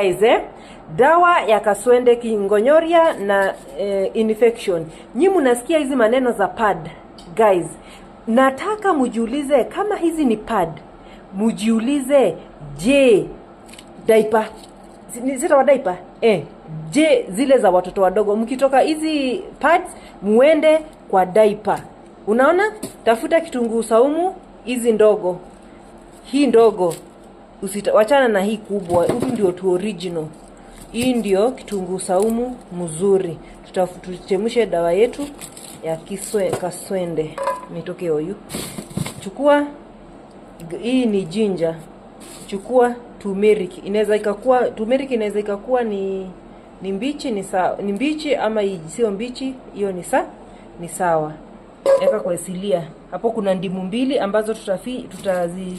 Guys, eh? dawa ya kaswende kingonyoria na eh, infection. Nyi munasikia hizi maneno za pad guys, nataka mujiulize kama hizi ni pad, mujiulize je, daipa sitawa daipa eh, je zile za watoto wadogo, mkitoka hizi pads muende kwa daipa. Unaona, tafuta kitunguu saumu hizi ndogo, hii ndogo wachana na hii kubwa. Huku ndio tu original, hii ndio kitunguu saumu mzuri. Tutachemshe dawa yetu ya kiswe, kaswende nitoke yu Chukua hii ni jinja, chukua turmeric, inaweza ikakuwa turmeric, inaweza ikakuwa ni ni mbichi ni sawa, ni mbichi ama sio mbichi, hiyo ni sa ni sawa. Weka kwa silia hapo. Kuna ndimu mbili ambazo tutafi tutazi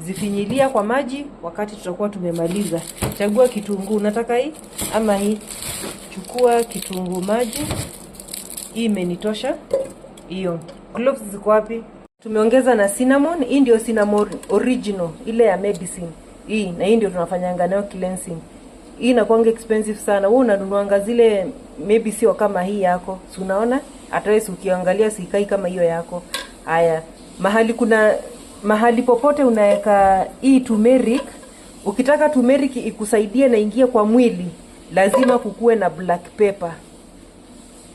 zifinyilia kwa maji wakati tutakuwa tumemaliza. Chagua kitunguu, unataka hii ama hii? Chukua kitunguu maji, hii imenitosha hiyo. Cloves ziko wapi? Tumeongeza na cinnamon. Hii ndio cinnamon original ile ya medicine hii, na hii ndio tunafanyanga nayo cleansing. Hii inakuanga expensive sana. Wewe unanunuanga zile maybe sio kama hii yako, si unaona? Hata wewe ukiangalia sikai kama hiyo yako. Haya, mahali kuna mahali popote unaweka hii turmeric. Ukitaka turmeric ikusaidie na ingie kwa mwili, lazima kukuwe na black pepper.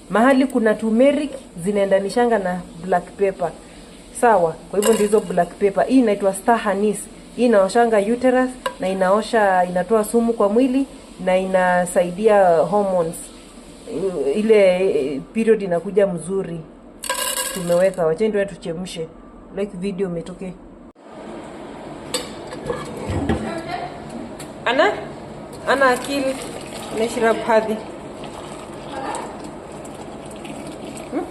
Mahali kuna turmeric zinaendanishanga na black pepper, sawa. Kwa hivyo ndizo black pepper. Hii inaitwa star hanis Hii inaoshanga uterus na inaosha, inatoa sumu kwa mwili na inasaidia hormones, ile period inakuja mzuri. Tumeweka, wacheni tuchemshe like video umetokea. Ana ana akili naishirab hadhi hmm?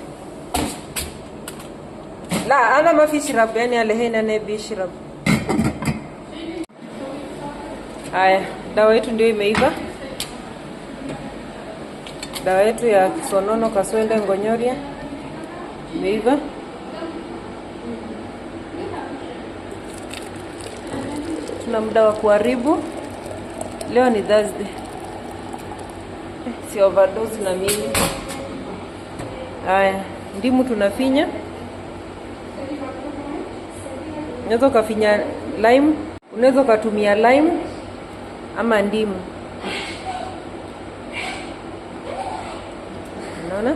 La, ana mafi shirab yani alehena bi shirab. Haya, dawa yetu ndio imeiva. Dawa yetu ya kisonono, kaswende, ngonyoria imeiva. hatuna muda wa kuharibu. Leo ni Thursday, si overdose na mimi. Haya, ndimu tunafinya, unaweza ukafinya lime, unaweza ukatumia lime ama ndimu. Unaona,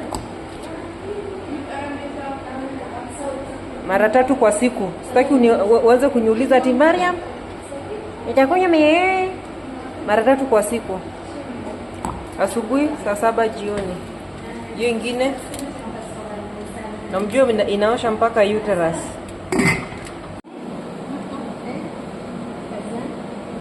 mara tatu kwa siku. Sitaki uanze kuniuliza ati Mariam nitakunywa mayai mara tatu kwa siku, asubuhi saa saba jioni. Hiyo ingine namjua inaosha mpaka uterus.